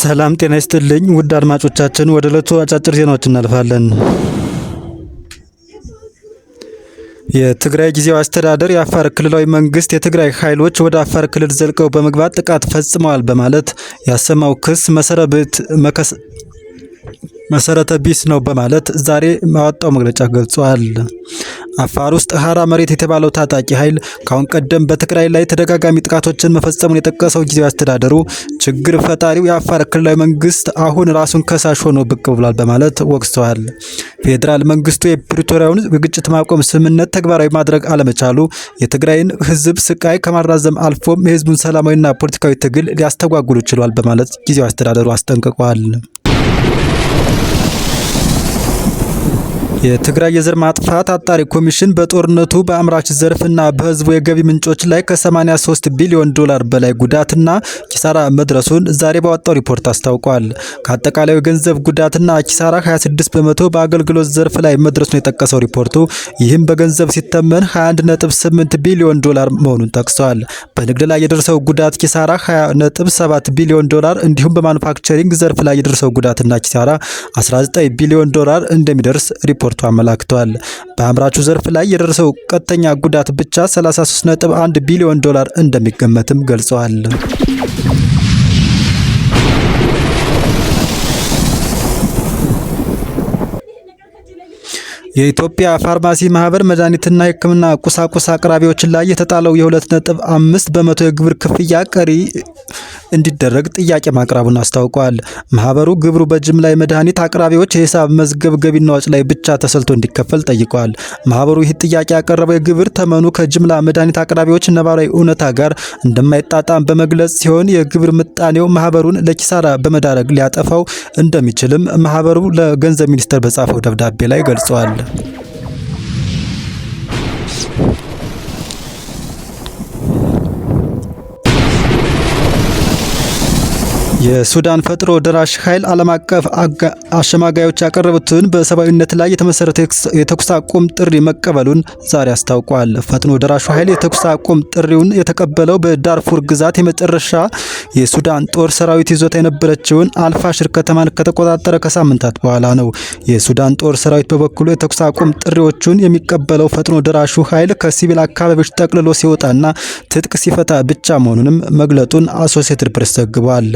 ሰላም ጤና ይስጥልኝ ውድ አድማጮቻችን፣ ወደ ዕለቱ አጫጭር ዜናዎች እናልፋለን። የትግራይ ጊዜያዊ አስተዳደር የአፋር ክልላዊ መንግስት የትግራይ ኃይሎች ወደ አፋር ክልል ዘልቀው በመግባት ጥቃት ፈጽመዋል በማለት ያሰማው ክስ መሰረብት መከስ መሰረተ ቢስ ነው በማለት ዛሬ ማወጣው መግለጫ ገልጿል። አፋር ውስጥ ሀራ መሬት የተባለው ታጣቂ ኃይል ካሁን ቀደም በትግራይ ላይ ተደጋጋሚ ጥቃቶችን መፈጸሙን የጠቀሰው ጊዜያዊ አስተዳደሩ ችግር ፈጣሪው የአፋር ክልላዊ መንግስት አሁን ራሱን ከሳሽ ሆኖ ብቅ ብሏል በማለት ወቅሰዋል። ፌዴራል መንግስቱ የፕሪቶሪያውን የግጭት ማቆም ስምምነት ተግባራዊ ማድረግ አለመቻሉ የትግራይን ህዝብ ስቃይ ከማራዘም አልፎም የህዝቡን ሰላማዊና ፖለቲካዊ ትግል ሊያስተጓጉሉ ችሏል በማለት ጊዜያዊ አስተዳደሩ አስጠንቅቋል። የትግራይ የዘር ማጥፋት አጣሪ ኮሚሽን በጦርነቱ በአምራች ዘርፍና በህዝቡ የገቢ ምንጮች ላይ ከ83 ቢሊዮን ዶላር በላይ ጉዳትና ኪሳራ መድረሱን ዛሬ ባወጣው ሪፖርት አስታውቋል። ከአጠቃላዩ የገንዘብ ጉዳትና ኪሳራ 26 በመቶ በአገልግሎት ዘርፍ ላይ መድረሱን የጠቀሰው ሪፖርቱ ይህም በገንዘብ ሲተመን 21.8 ቢሊዮን ዶላር መሆኑን ጠቅሷል። በንግድ ላይ የደረሰው ጉዳት ኪሳራ 20.7 ቢሊዮን ዶላር እንዲሁም በማኑፋክቸሪንግ ዘርፍ ላይ የደረሰው ጉዳትና ኪሳራ 19 ቢሊዮን ዶላር እንደሚደርስ ሪፖርት ሪፖርቱ አመላክቷል። በአምራቹ ዘርፍ ላይ የደረሰው ቀጥተኛ ጉዳት ብቻ 33.1 ቢሊዮን ዶላር እንደሚገመትም ገልጸዋል። የኢትዮጵያ ፋርማሲ ማህበር መድኃኒትና የሕክምና ቁሳቁስ አቅራቢዎች ላይ የተጣለው የ2.5 በመቶ የግብር ክፍያ ቀሪ እንዲደረግ ጥያቄ ማቅረቡን አስታውቋል። ማህበሩ ግብሩ በጅምላ የመድኃኒት አቅራቢዎች የሂሳብ መዝገብ ገቢና ወጪ ላይ ብቻ ተሰልቶ እንዲከፈል ጠይቋል። ማህበሩ ይህ ጥያቄ ያቀረበው የግብር ተመኑ ከጅምላ መድኃኒት አቅራቢዎች ነባራዊ እውነታ ጋር እንደማይጣጣም በመግለጽ ሲሆን የግብር ምጣኔው ማህበሩን ለኪሳራ በመዳረግ ሊያጠፋው እንደሚችልም ማህበሩ ለገንዘብ ሚኒስቴር በጻፈው ደብዳቤ ላይ ገልጿል። የሱዳን ፈጥኖ ደራሽ ኃይል ዓለም አቀፍ አሸማጋዮች ያቀረቡትን በሰብአዊነት ላይ የተመሰረተ የተኩስ አቁም ጥሪ መቀበሉን ዛሬ አስታውቋል። ፈጥኖ ደራሹ ኃይል የተኩስ አቁም ጥሪውን የተቀበለው በዳርፉር ግዛት የመጨረሻ የሱዳን ጦር ሰራዊት ይዞታ የነበረችውን አልፋሽር ከተማን ከተቆጣጠረ ከሳምንታት በኋላ ነው። የሱዳን ጦር ሰራዊት በበኩሉ የተኩስ አቁም ጥሪዎቹን የሚቀበለው ፈጥኖ ደራሹ ኃይል ከሲቪል አካባቢዎች ጠቅልሎ ሲወጣና ትጥቅ ሲፈታ ብቻ መሆኑንም መግለጡን አሶሴትድ ፕሬስ ዘግቧል።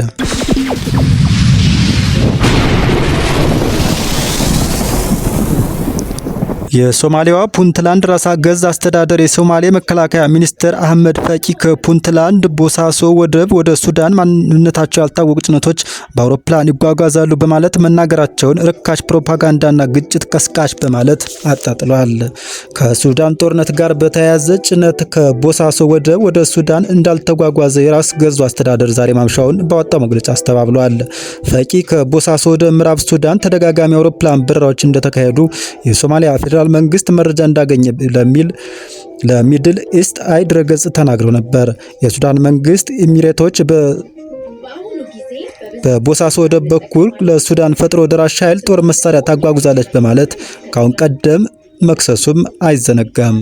የሶማሊያዋ ፑንትላንድ ራስ ገዝ አስተዳደር የሶማሌ መከላከያ ሚኒስትር አህመድ ፈቂ ከፑንትላንድ ቦሳሶ ወደብ ወደ ሱዳን ማንነታቸው ያልታወቁ ጭነቶች በአውሮፕላን ይጓጓዛሉ በማለት መናገራቸውን ርካሽ ፕሮፓጋንዳና ግጭት ቀስቃሽ በማለት አጣጥሏል። ከሱዳን ጦርነት ጋር በተያያዘ ጭነት ከቦሳሶ ወደብ ወደ ሱዳን እንዳልተጓጓዘ የራስ ገዙ አስተዳደር ዛሬ ማምሻውን ባወጣው መግለጫ አስተባብሏል። ፈቂ ከቦሳሶ ወደ ምዕራብ ሱዳን ተደጋጋሚ አውሮፕላን በረራዎች እንደተካሄዱ የሶማሊያ ፌዴራል ፌዴራል መንግስት መረጃ እንዳገኘ ለሚል ለሚድል ኢስት አይ ድረገጽ ተናግረው ነበር። የሱዳን መንግስት ኢሚሬቶች በቦሳሶ ወደብ በኩል ለሱዳን ፈጥኖ ደራሽ ኃይል ጦር መሳሪያ ታጓጉዛለች በማለት ከአሁን ቀደም መክሰሱም አይዘነጋም።